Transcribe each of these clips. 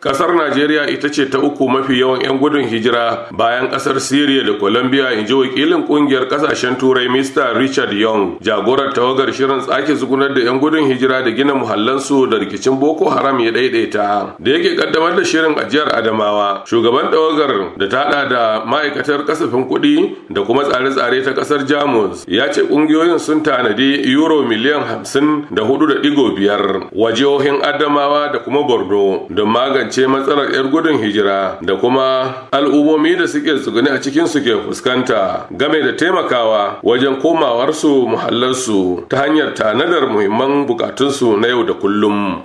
Kasar Najeriya ita ce ta uku mafi yawan 'yan gudun hijira bayan kasar Syria da Colombia in ji wakilin kungiyar kasashen turai Mr. Richard Young, jagorar tawagar shirin tsake zugunar da 'yan gudun hijira da gina muhallansu da rikicin Boko Haram ya daidaita. Da yake kaddamar da shirin ajiyar Adamawa, shugaban tawagar da ta da ma'aikatar kasafin kuɗi da kuma tsare-tsare ta kasar Jamus ya ce kungiyoyin sun tanadi euro miliyan hamsin da hudu da digo biyar Wajen Adamawa da kuma Borno don magani magance first gudun hijira da kuma al'ummomi da suke tsugune a cikin are fuskanta game da taimakawa wajen komawarsu muhallarsu ta hanyar tanadar muhimman bukatunsu na yau da kullum.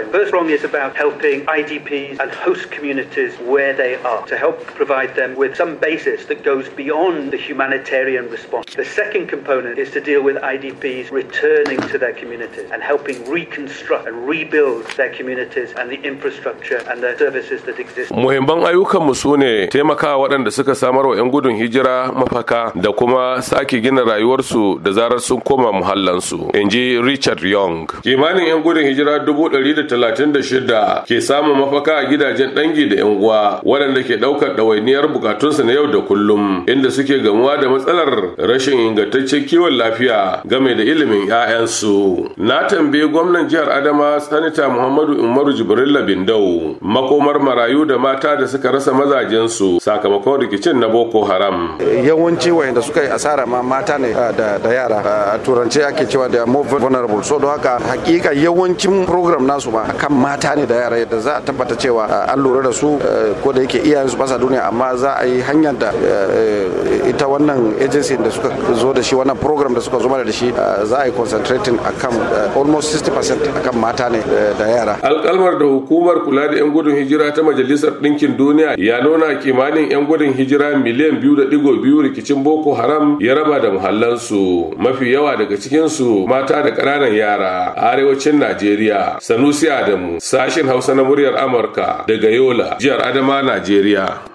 to help provide them with some basis that goes beyond the humanitarian response. The second component is to deal with IDPs returning to their communities and helping reconstruct and rebuild their communities and the infrastructure and the Muhimman ayyukanmu su ne taimakawa waɗanda suka samar wa 'yan gudun hijira mafaka da kuma sake gina rayuwarsu da zarar sun koma muhallansu. In ji Richard Young. Kimanin 'yan gudun hijira dubu ɗari da talatin da shida ke samun mafaka a gidajen dangi da 'yan uwa waɗanda ke ɗaukar ɗawainiyar bukatunsu na yau da kullum inda suke gamuwa da matsalar rashin ingantaccen kiwon lafiya game da ilimin 'ya'yansu. Na tambayi gwamnan jihar Adama Sanita Muhammadu Umaru Jibrilla Bindau mako makomar marayu da mata da suka rasa mazajensu sakamakon rikicin na boko haram yawanci wayanda suka yi asara ma mata ne ah, da yara ah, a turance ake cewa da more vulnerable so don haka hakika yawancin program nasu ma kan mata ne da yara yadda za a tabbata cewa ah, an lura da su eh, ko da yake iyayensu basa duniya amma za a yi hanyar da eh, ita wannan agency da suka zo da shi wannan program da suka zo da shi za a yi concentrating akan eh, almost 60% akan mata ne da yara alkalmar da hukumar kula da yan gudun hijira hijira ta majalisar ɗinkin duniya ya nuna kimanin 'yan gudun hijira miliyan biyu da digo biyu rikicin boko haram ya raba da muhallansu mafi yawa daga cikinsu mata da ƙananan yara a arewacin najeriya sanusi adamu Sashen hausa na muryar amurka daga yola jihar adama najeriya